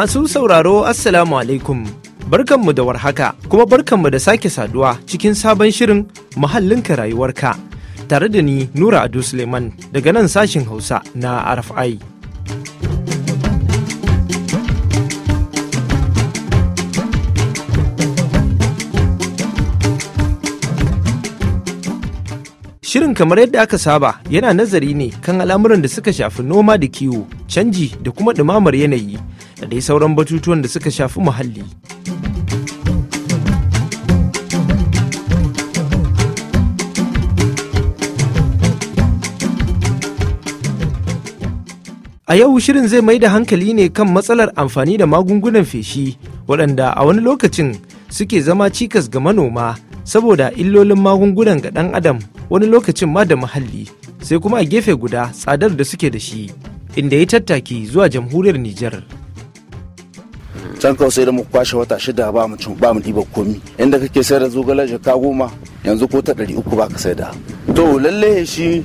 Masu sauraro Assalamu alaikum. Barkanmu da warhaka kuma barkanmu da sake saduwa cikin sabon shirin muhallinka rayuwarka tare da ni Nura Ado Suleiman daga nan sashin Hausa na RFI. Shirin kamar yadda aka saba yana nazari ne kan al'amuran da suka shafi noma da kiwo, canji da kuma ɗumamar yanayi da dai sauran batutuwan da suka shafi muhalli. A yau shirin zai mai da hankali ne kan matsalar amfani da magungunan feshi waɗanda a wani lokacin suke zama cikas ga manoma saboda illolin magungunan ga ɗan adam wani lokacin ma da muhalli sai kuma a gefe guda tsadar da suke da shi inda ya tattaki zuwa jamhuriyar Nijar. can kawai sai da mu kwashe wata shida ba mu ba mu ɗiba komi inda kake sayar da zogala jaka goma yanzu ko ta ɗari uku baka sai da to lalle shi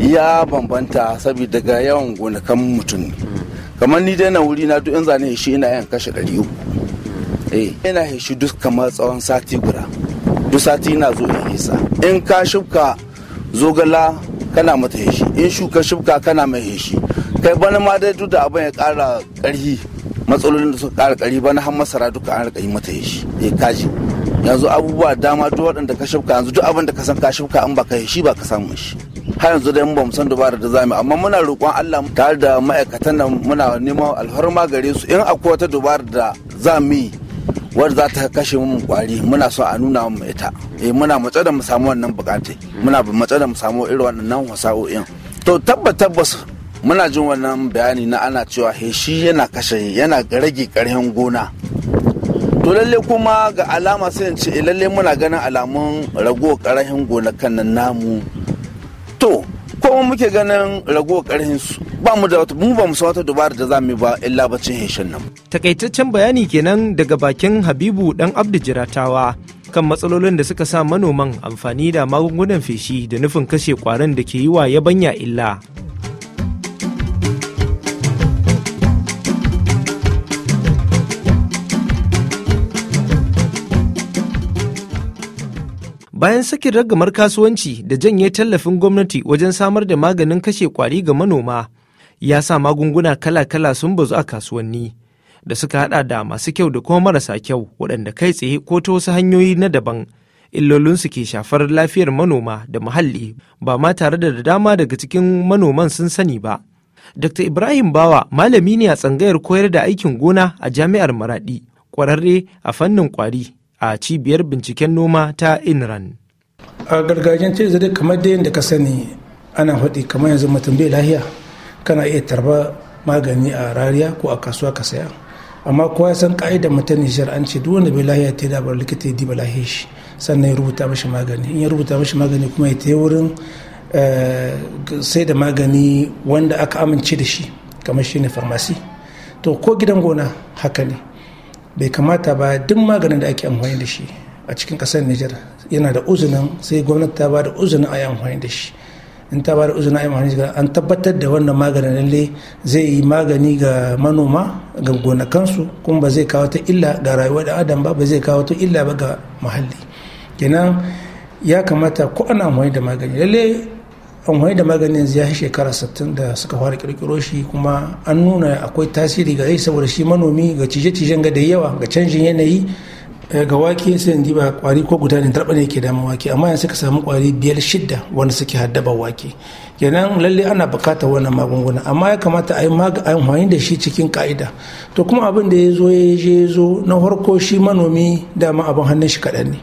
ya bambanta saboda ga yawan gonakan mutum kamar ni dai na wuri na duk in zane shi ina yan kashe ɗari uku eh ina shi duk kamar tsawon sati guda duk sati ina zo in hisa in ka shibka zogala kana mata heshi in shuka shibka kana mai heshi kai bana ma dai duk da abin ya ƙara ƙarfi matsalolin da suka ƙara ba na har masara duka an rika yi mata shi ya kaji yanzu abubuwa dama duk waɗanda ka shafka yanzu duk abin da ka san ka shafka an baka yashi ba ka samu shi har yanzu dai ba mu san dubara da zamu amma muna roƙon Allah tare da ma'aikatan nan muna neman alfarma gare su in akwai wata dubara da zamu yi wadda za ta kashe mu kwari muna so a nuna mu ita eh muna matsa da mu samu wannan bukatai muna matsa da mu samu irin wannan wasa'o'in to tabbas tabbas muna jin wannan bayani na ana cewa heshi yana kashe yana rage karhin gona to lalle kuma ga alama sai ce eh, lalle muna ganin alamun rago karhin kan nan namu to kuma muke ganin rago karhin su ba mu da mu ba mu san wata dubara da za mu ba illa bacin heshin nan takaitaccen bayani kenan daga bakin Habibu dan Abdu Jiratawa kan matsalolin da suka sa manoman amfani da magungunan feshi da nufin kashe kwarin da ke yi wa yabanya illa bayan sakin ragamar kasuwanci da janye tallafin gwamnati wajen samar da maganin kashe kwari ga manoma ya sa magunguna kala-kala sun bazu a kasuwanni da suka hada da masu kyau da kuma marasa kyau waɗanda kai tsaye ko ta wasu hanyoyi na daban illolinsu ke shafar lafiyar manoma da muhalli ba ma tare da dama daga cikin manoman sun sani ba dr ibrahim bawa malami ne a tsangayar koyar da aikin gona a jami'ar maradi kwararre a fannin kwari a cibiyar binciken noma ta inran a ce zai kamar da yadda ka sani ana faɗi kamar yanzu mutum bai lahiya kana iya tarba magani a rariya ko a kasuwa ka saya amma kowa san ka'idar mutum ne an ce duk wanda bai lahiya ta da likita ya diba lahiya shi sannan ya rubuta mashi magani in ya rubuta mashi magani kuma ya ta yi wurin eh, sai da magani wanda aka amince da shi kamar shi ne farmasi to ko gidan gona haka ne bai kamata ba duk maganin da ake amfani da shi a cikin ƙasar Nijar yana da uzunin sai gwamnati ta ba da uzunin a yi amfani da shi in ta ba da uzunin a yi amfani da shi an tabbatar da wannan maganin lalle zai yi magani ga manoma ga gonakansu kuma ba zai kawo ta illa ga rayuwar da adam ba ba zai kawo ta illa ba ga muhalli kenan ya kamata ko ana amfani da magani lalle amfani da maganin ya shekara 60 da suka fara kirkiro shi kuma an nuna akwai tasiri ga yi saboda shi manomi ga cije-cijen ga da yawa ga canjin yanayi eh, ga wake sai yanzu ba kwari ko guda ne darba ne ke damun wake amma yanzu suka samu kwari biyar shidda wanda suke haddaba wake kenan lalle ana bukatar wannan magunguna amma ya kamata a yi amfani da shi cikin ka'ida to kuma abin da ya zo ya zo na farko shi manomi dama abin hannun shi kaɗan ne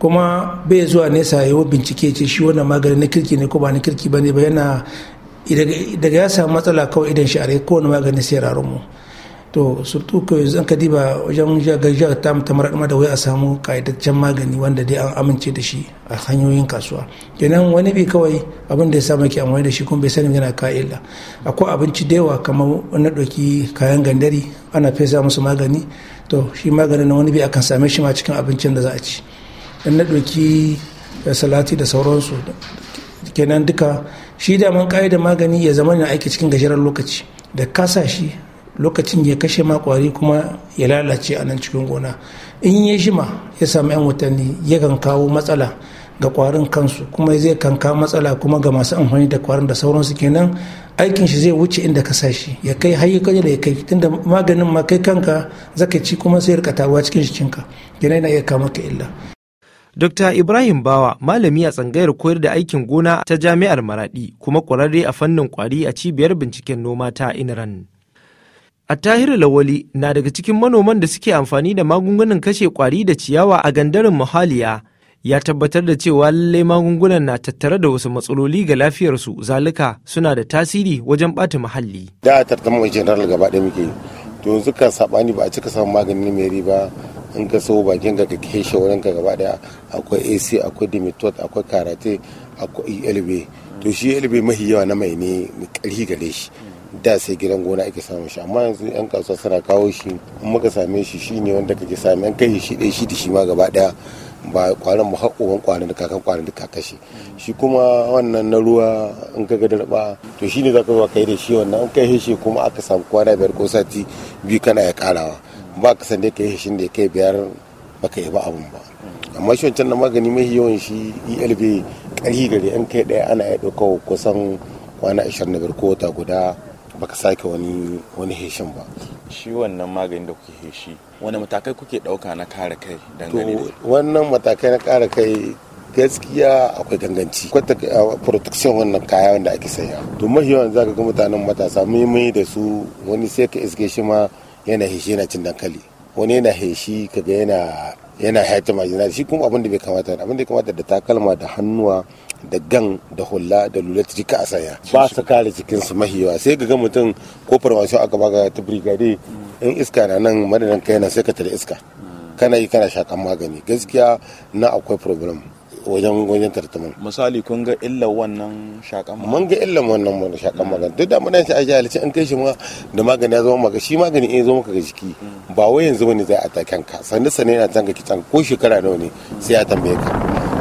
kuma bai zuwa nesa ya yi bincike ce shi wannan maganin na kirki ne ko ba na kirki ba ne ba yana daga ya samu matsala kawai idan shi a rai kowane magani sai rarun mu to surtu kawai zan ka diba wajen jagajiya ta mu tamar da wai a samu ka'idaccen magani wanda dai an amince da shi a hanyoyin kasuwa kenan wani bi kawai abin da ya samu ke amfani da shi kuma bai sani yana ka'ila akwai abinci da yawa kamar na ɗauki kayan gandari ana fesa musu magani to shi maganin wani bi akan same shi ma cikin abincin da za a ci in na ɗauki eh, salati da sauransu kenan duka shi daman ƙa'ida magani ya zama na aiki cikin gajeren lokaci da kasashi lokacin ya kashe ma kwari kuma ya lalace a nan cikin gona in ya shima ya samu 'yan watanni yakan kawo matsala ga kwarin kansu kuma zai kanka matsala kuma ga masu amfani da kwarin da sauransu kenan aikin shi zai wuce inda ka sashi ya kai hayyukan da ya kai tunda maganin ma kai kanka zaka ci kuma sai rika cikin shikinka kenan yana iya kama ka illa Dr. Ibrahim Bawa malami a tsangayar koyar da aikin gona ta Jami'ar Maradi kuma ƙwararre a fannin ƙwari a cibiyar binciken noma ta Inran. A tahiru Lawali na daga cikin manoman da suke amfani da magungunan kashe ƙwari da ciyawa a gandarin muhaliya ya tabbatar da cewa lallai magungunan na tattare da wasu matsaloli ga lafiyarsu zalika suna da tasiri wajen ɓata muhalli. Da a tattama general gaba ɗaya muke to yanzu ka saɓani ba a cika samun maganin mai ba. in ka so bakin ka kake shi wurin ka gaba daya akwai ac akwai dimitot akwai karate akwai elbe to shi elbe mahi yawa na mai ne karhi gare shi da sai gidan gona ake samun shi amma yanzu yan kasuwa suna kawo shi in muka same shi ne wanda kake sami an kai shi dai shi da shi ma gaba daya ba kwanan mu haƙoban kwanan da kakan kwanan da kakashi shi kuma wannan na ruwa in ka gada ba to shi ne za ka zuwa kai da shi wannan in kai shi kuma aka samu kwana biyar ko sati biyu kana ya karawa ba ka san da kai shi da kai biyar baka yi ba abun ba amma shi wancan na magani mai yawan shi elb ƙarhi gari yan kai ɗaya ana ya ɗauka kusan kwana 25 ko wata guda baka sake wani wani heshin ba shi wannan magani da kuke heshi wani matakai kuke ɗauka na kare kai dangane da wannan matakai na kare kai gaskiya akwai ganganci kwata protection wannan kaya wanda ake saya to mahiyawan zaka ga mutanen matasa mai da su wani sai ka iske shi ma yana heshi yana cin dankali wani yana heshi kaga yana yana haifar majina shi kuma abin da bai kamata abin da kamata da takalma da hannuwa da gan da hulla da lula ta jika a saya ba su kare cikin su mahiyawa sai ga mutum ko farmashin aka baka ta brigade in iska na nan madadin kai na sai ka tare iska mm. kana yi kana shakan magani gaskiya na akwai problem wajen wajen tartaman misali kun ga illa wannan shakan magani mun ga illa wannan wani shakan magani duk da mun yin a jahilci an kai shi ma da magani ya zama maka shi magani in zo maka ga jiki hmm. ba wai yanzu bane zai atakan ka sanda sane yana ki kitan ko shekara nawa ne sai ya tambaye ka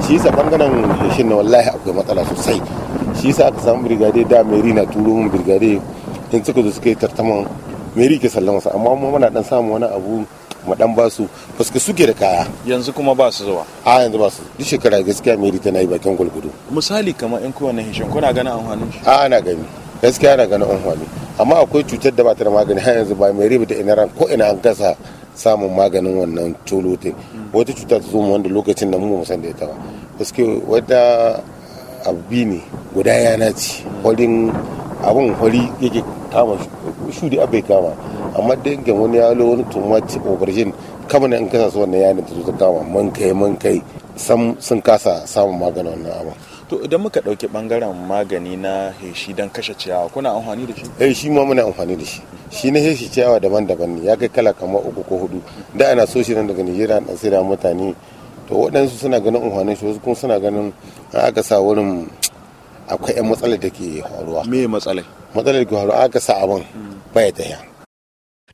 shi yasa bangaren shi na wallahi akwai matsala sosai shi yasa aka samu brigade da meri na turo mun brigade in suka zo suka yi tartaman meri ke sallama amma mu muna dan samu wani abu kuma dan ba su paske suke da kaya yanzu kuma ba su zuwa a yanzu ba su duk shekara gaskiya meri n'a yi bakin gulgudu misali kamar in kowane hishin kuna gana amfanin shi a na gani gaskiya gana an amfani amma akwai cutar da ba ta da magani har yanzu ba meri ba ta ina ran ko ina an kasa samun maganin wannan tolote mm. wata cuta ta zo wanda lokacin da mu mu san da ita ba paske wata abu ne guda yana ci kwarin mm. abin hori yake kama shudi bai kama amma dangin wani lo wani tumati aubergine kama ne in kasa su wannan yanin ta zuwa ta kama man kai man kai sam sun kasa samun maganin wannan abin to idan muka dauke bangaren magani na heshi don kashe ciyawa kuna amfani da shi eh shi ma muna amfani da shi shi na heshi ciyawa daban-daban ne ya kai kala kamar uku ko hudu da ana so shi nan daga Najeriya an sai da mutane to waɗansu suna ganin amfanin shi wasu kuma suna ganin aka sa wurin akwai 'yan matsalar da ke horuwa. me matsalar ke horuwa aka sa abin baya ta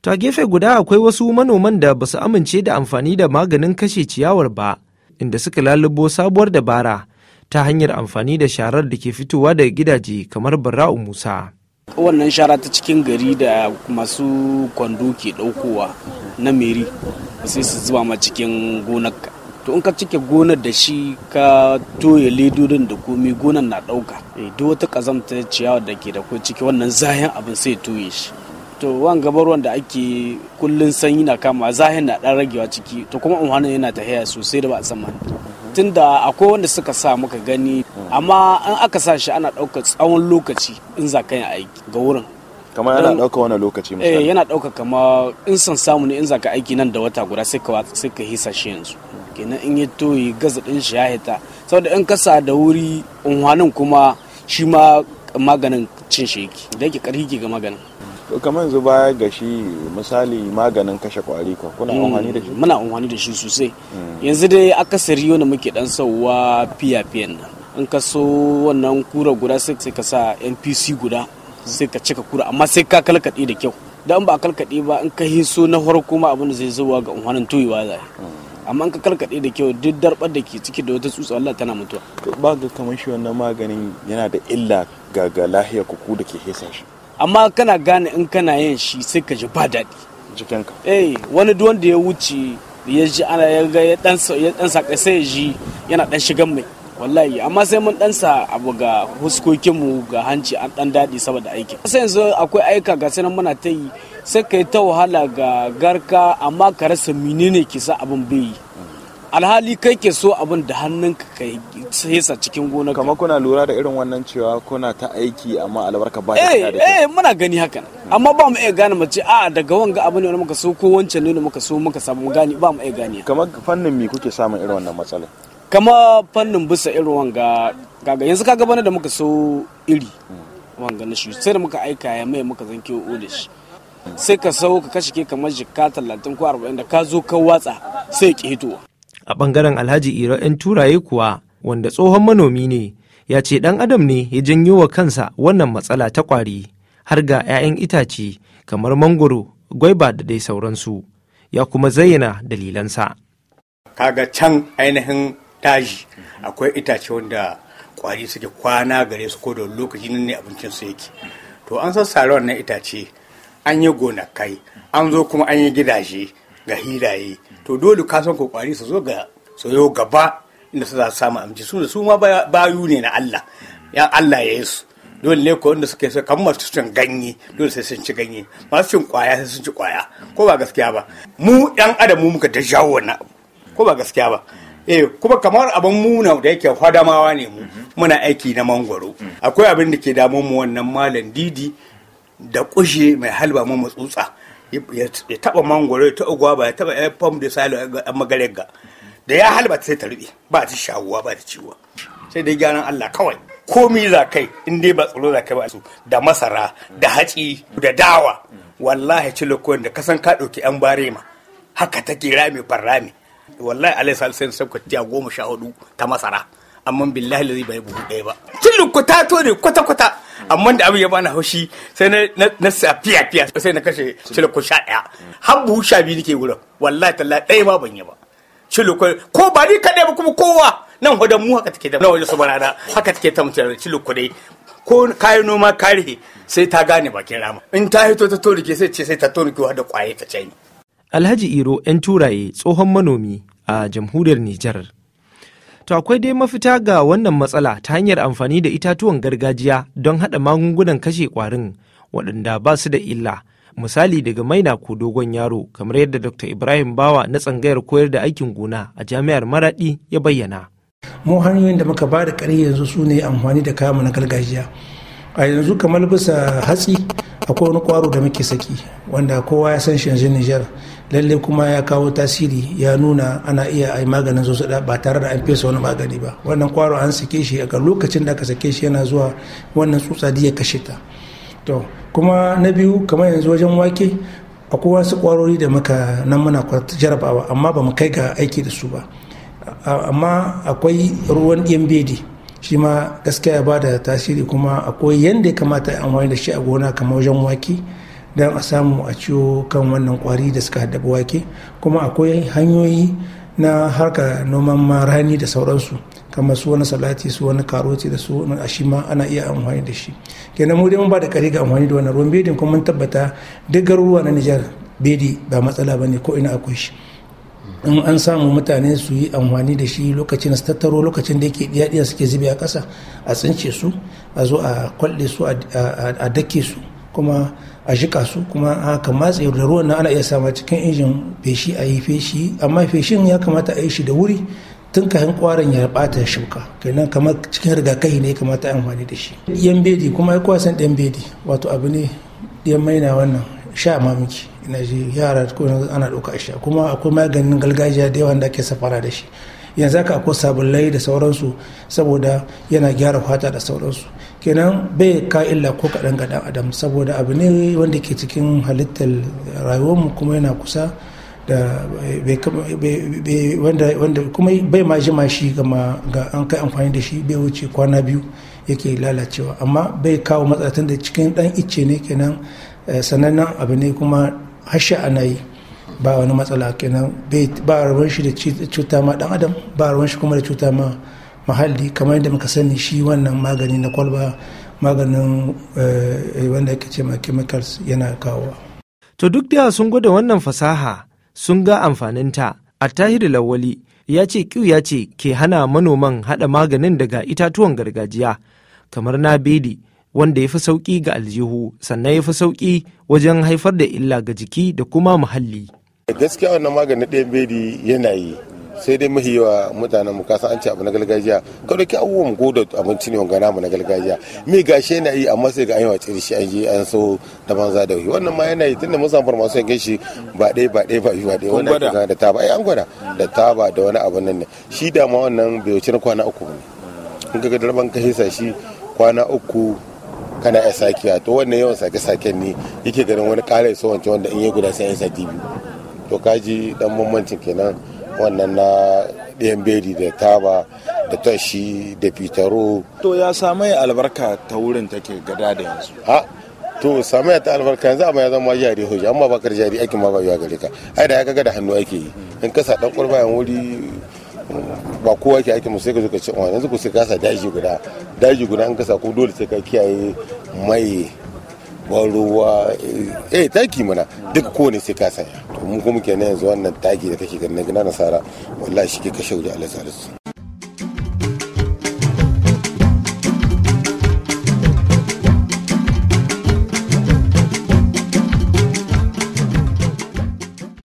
to a gefe guda akwai wasu manoman da ba su amince da amfani da maganin kashe ciyawar ba inda suka lalubo sabuwar dabara ta hanyar amfani da sharar da ke fitowa daga gidaje kamar barra'u musa wannan shara ta cikin gari da masu kwando ke daukowa na meri sai su zuba ma cikin gonar to in ka cike gonar da shi ka toye ledodin da komi gonar na dauka eh, duk wata kazanta ciyawa da ke da ko ciki wannan zayan abin sai toye shi to wan gabar wanda ake kullun sanyi na kama zahin na dan ragewa ciki to kuma unhanin yana ta haya sosai da ba a tsammani tunda akwai wanda suka sa muka gani amma an aka sa shi ana ɗaukar tsawon lokaci in za ka yi aiki ga wurin kamar yana ɗaukar wani lokaci misali eh yana ɗaukar kama in san samu ne in za ka aiki nan da wata guda sai ka hisa shi yanzu kenan in ya toyi gaza din shi ya hita saboda in kasa da wuri unhwanin kuma shi ma maganin cin shi yake da yake karhi ke ga maganin to kamar yanzu baya ga shi misali maganin kashe kwari ko kuna mm, unhwani da shi muna unhwani da shi sosai mm. yanzu dai akasari wanda muke dan sauwa fiya na nan in ka so wannan kura guda sai ka sa npc guda sai ka cika kura amma sai ka kalkaɗe da kyau da an ba kalkaɗe ba in ka hiso na farko ma abin da zai zuwa ga unhwanin toyewa zai amma ka karkaɗe da kyau duk darbar da ke ciki da wata tsutsa Allah tana mutuwa ba ga kamar shi wannan maganin yana da illa ga ga lahiyar kuku da ke hesa shi amma kana gane in kana yin shi sai ka ji ba daɗi jikinka eh wani duk wanda ya wuce ya ji ana ya ga ya dan saka sai ya ji yana dan shigan mai wallahi amma sai mun dan sa abu ga mu ga hanci an dan daɗi saboda aikin sai yanzu akwai aika ga sanan muna ta yi sai ka yi ta wahala ga garka amma ka rasa menene ke sa abin bai yi alhali kai ke so abin da hannunka ka hesa cikin gona kama kuna lura da irin wannan cewa kuna ta aiki amma albarka ba ta eh, da eh muna gani haka amma ba mu iya gane mace a daga wanga abin ne muka so ko wancan ne muka so muka samu gani ba mu iya gane kama fannin me kuke samun irin wannan matsalar kama fannin bisa irin wanga kaga yanzu kaga bane da muka so iri wanga na shi sai da muka aika ya mai muka zanke o shi sai ka sau ka kashe ke kamar jikka talatin ko arba'in da ka zo ka watsa sai ki hitowa. A ɓangaren Alhaji Iro 'yan turaye kuwa wanda tsohon manomi ne ya ce ɗan adam ne ya janyo wa kansa wannan matsala ta ƙwari har ga 'ya'yan itace kamar mangoro gwaiba da dai sauransu ya kuma zayyana dalilansa. Kaga can ainihin daji akwai itace wanda ƙwari suke kwana gare su ko da lokaci ne abincin su yake. To an san wannan itace an yi gonakai an zo kuma an yi gidaje ga hilaye to dole kasan san kwari su zo ga soyo gaba inda su za su samu aminci su su ma bayu ne na Allah ya Allah ya yi su dole ne ko inda suke so kan masu ganye dole sai sun ci ganye masu cin kwaya sai sun ci kwaya ko ba gaskiya ba mu yan adam mu muka jawo wannan ko ba gaskiya ba eh kuma kamar abin muna da yake fadamawa ne mu muna aiki na mangwaro akwai abin da ke damun mu wannan malam didi da kushe mai halba mu matsutsa ya taba mangoro ya taba gwaba ya taba ya fam da salo a magarega da ya halba sai ta rube ba ta shawuwa ba ta ciwo sai dai gyaran Allah kawai komi za kai in dai ba tsaro za kai ba su da masara da hatsi da dawa wallahi cilokoyin da kasan ka ɗauki yan barema haka take rami farrami wallahi alai salisu sai ta goma sha hudu ta masara amma billahi lazi bai buhu ɗaya ba tun lukuta to ne kwata kwata amma da abu ya bani haushi sai na sa fiya fiya sai na kashe ko sha ɗaya har buhu sha biyu nake wurin wallahi tallahi ɗaya ba ban yi ba cilo ko ba ni kaɗai ba kuma kowa nan hudan mu haka take da na waje su barana haka take ta mutane ko dai ko kayan noma kare sai ta gane bakin rama in ta hito ta tonike sai ce sai ta tonike da kwaye ta canyi. Alhaji Iro 'yan turaye tsohon manomi a jamhuriyar Nijar To akwai dai mafita ga wannan matsala ta hanyar amfani da itatuwan gargajiya don haɗa magungunan kashe ƙwarin waɗanda ba su da illa. Misali daga maina ko dogon yaro kamar yadda Dr. Ibrahim Bawa na tsangayar koyar da aikin gona a jami'ar Maraɗi ya bayyana. Mu hanyoyin da muka ba da ƙari yanzu su ne amfani da kayan na gargajiya. A yanzu kamar bisa hatsi akwai wani kwaro da muke saki wanda kowa ya san shi yanzu Nijar. lallai kuma ya kawo tasiri ya nuna ana iya a maganin zo ba tare da an fesa wani magani ba wannan kwaro an sake shi a lokacin da aka sake shi yana zuwa wannan tsutsa ya kashe ta to kuma na biyu kamar yanzu wajen wake akwai wasu kwarori da muka nan muna jarabawa amma ba mu kai ga aiki da su ba amma akwai ruwan ɗiyan bedi shi ma gaskiya ba da tasiri kuma akwai yadda ya kamata a amfani da shi a gona kamar wajen wake don a samu a ciwo kan wannan kwari da suka haddaba wake kuma akwai hanyoyi na harka noman rani da sauransu kamar su wani salati su wani karoti da su wani ashima ana iya amfani da shi kenan mu dai mun ba da kare ga amfani da wannan ruwan bedin kuma mun tabbata duk garuruwa na Nijar bedi ba matsala bane ko ina akwai shi in an samu mutane su yi amfani da shi lokacin su tattaro lokacin da yake diya suke zube a kasa a tsince su a zo a kwalle su a dake su kuma a jika su kuma haka matse da ruwan nan ana iya sama cikin injin feshi a yi feshi amma feshin ya kamata a yi shi da wuri tun kahin kwarin ya bata shuka kenan kamar cikin rigakai ne kamata amfani da shi yan bedi kuma ya kwasan ɗan bedi wato abu ne ɗan maina wannan sha ma ina ji yara ko ana ɗauka sha kuma akwai maganin gargajiya da yawa da ake safara da shi yanzu haka akwai sabulai da sauransu saboda yana gyara fata da sauransu kenan bai ka illa ko kaɗan ga ɗan adam saboda abu ne wanda ke cikin halittar rayuwarmu kuma yana kusa da wanda kuma bai ma jima shi gama ga an kai amfani da shi bai wuce kwana biyu yake lalacewa amma bai kawo matsatan da cikin dan icce ne kenan eh, sanannen abu ne kuma hasha ana yi ba wani matsala kenan ba ruwan shi da cuta ma dan adam ba ruwan shi kuma da cuta ma muhalli kamar yadda muka sani shi wannan magani na kwalba maganin eh, eh, wanda ake ce ma chemicals yana kawo. To duk da sun gwada wannan fasaha sun ga amfaninta a tahiri lawali ya ce kiw ya ce ke hana manoman haɗa maganin daga itatuwan gargajiya kamar na bedi wanda ya fi sauƙi ga aljihu sannan ya fi sauƙi wajen haifar da illa ga jiki da kuma muhalli. gaskiya wannan maganin ɗayan bedi yana yi sai dai mahi yawa mutanen mu kasan an ci abu na gargajiya ka dauki mu godo abinci ne wanga namu na gargajiya me gashe na yi amma sai ga an yi wa tsirishi an je an so da banza da wuri wannan ma yana yi tunda mun samu farmasu yankin shi ba ɗaya ba ɗaya ba biyu ba ɗaya wannan da taba ai an gwada da taba da wani abun nan ne shi da ma wannan bai wuce kwana uku ne in ka ga darban ka hisa shi kwana uku kana ya sakiya to wannan yawan sake-saken ne yake ganin wani ƙara ya so wancan wanda in ya guda sai ya sa biyu to kaji dan bambancin kenan wannan na ɗayan bedi da taba da tashi da fitaro to ya samai albarka ta wurin take gada da yanzu to samaya ta albarka yanzu amma ya zama jari hujja amma bakar jari aikin ma ba ya gare ka ai da ya kaga da hannu ake yi in kasa dan kurba yan wuri ba kowa ke aikin sai ka zo ka ce wani yanzu ku sai kasa daji guda daji guda in kasa ko dole sai ka kiyaye mai ban ruwa eh, eh taki mana duk kowane sai ka sanya mu muke kenan yanzu wannan taki da kake ganin na nasara wallahi shi ke kashe wuri a lasarisu.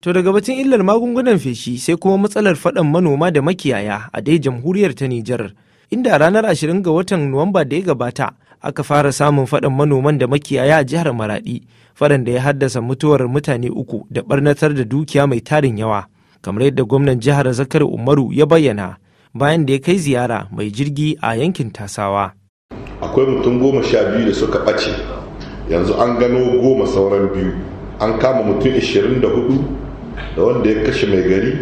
To daga batun illar magungunan feshi sai kuma matsalar faɗan manoma da makiyaya a dai jamhuriyar ta Nijar, inda ranar 20 ga watan Nuwamba da ya gabata aka fara samun faɗan manoman da makiyaya a jihar maraɗi faɗan da ya haddasa mutuwar mutane uku da ɓarnatar da dukiya mai tarin yawa, kamar yadda gwamnan jihar Zakar Umaru ya bayyana bayan da ya kai ziyara mai jirgi a yankin Tasawa. Akwai mutum goma sha biyu da suka ɓace, yanzu an gano goma sauran biyu, an kama mutum ashirin da hudu da wanda ya kashe mai gari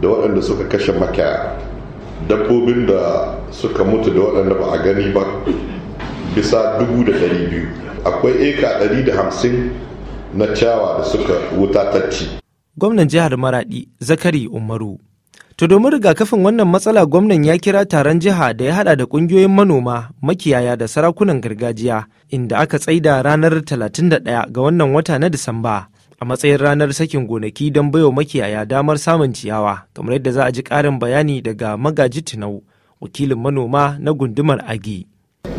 da waɗanda suka kashe makiyaya. dabbobin da suka mutu da waɗanda ba a gani ba bisa dubu da dari biyu akwai eka ɗari da hamsin na ciyawa da suka wuta tacci. gwamnan jihar maradi zakari umaru to domin rigakafin wannan matsala gwamnan ya kira taron jiha da ya hada da kungiyoyin manoma makiyaya da sarakunan gargajiya inda aka tsaida ranar 31 ga wannan wata na disamba a matsayin ranar sakin gonaki don baiwa makiyaya damar samun ciyawa kamar yadda za a ji ƙarin bayani daga magaji tinau wakilin manoma na gundumar agi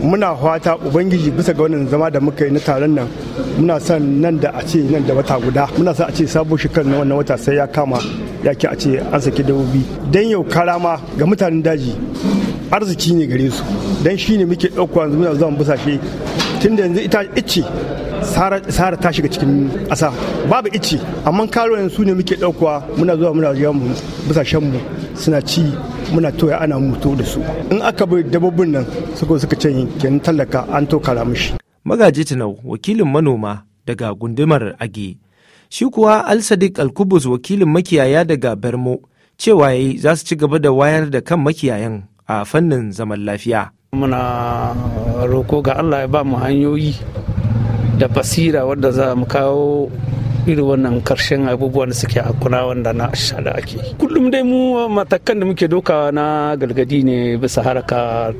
muna fata ubangiji bisa ga wannan zama da muka yi na taron nan muna son nan da a ce nan da wata guda muna son a ce sabo shekar na wannan wata sai ya kama ya ke a ce an saki dabbobi dan yau karama ga mutanen daji arziki ne gare su dan shi ne muke ɗauka yanzu muna zuwa shi tun da yanzu ita ice sara ta shiga cikin ƙasa babu ice amma yanzu su ne muke ɗauka muna zuwa muna zuwa mu busashen mu suna ci muna toya ana mutu da su in aka bi dabbobin nan suka suka canye kenan tallaka an to kara mishi magaji tinau wakilin manoma daga gundumar age shi kuwa al sadiq alkubus wakilin makiyaya daga bermo cewa yayi za su ci gaba da wayar da kan makiyayan a fannin zaman lafiya muna roko ga allah ya ba mu hanyoyi da basira wadda za mu kawo irin wannan karshen abubuwan da suke kuna wanda na shada ake kullum dai mu matakan da muke doka na galgadi ne bisa haraka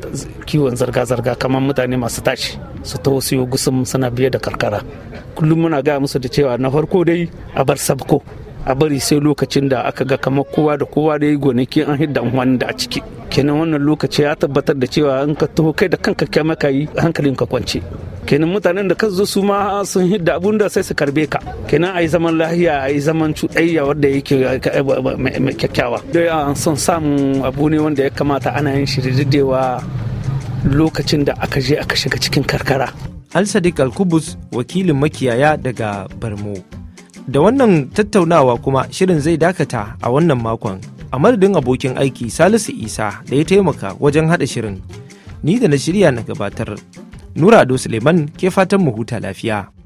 kiwon zarga-zarga kamar mutane masu tashi su ta wasu gusum suna biye da karkara kullum muna gaya musu da cewa na farko dai a bar sabko a bari sai lokacin da aka ga kamar kowa da kowa da yi gonaki an hidda wani da a ciki kenan wannan lokaci ya tabbatar da cewa in ka taho kai da kanka kyamaka ka yi hankalinka kwance kenan mutanen da ka zo su ma sun hidda abun da sai su karbe ka kenan a yi zaman lahiya a yi zaman cuɗayya wanda yake eh, mai kyakkyawa dai ah, an son samun abu ne wanda ya kamata ana yin shi lokacin da aka je aka shiga cikin karkara al-sadiq al-kubus wakilin makiyaya daga barmo da wannan tattaunawa kuma shirin zai dakata a wannan makon a madadin abokin aiki salisu isa da ya taimaka wajen haɗa shirin ni da na shirya na gabatar Nura Ado Suleiman ke fatan mu huta lafiya.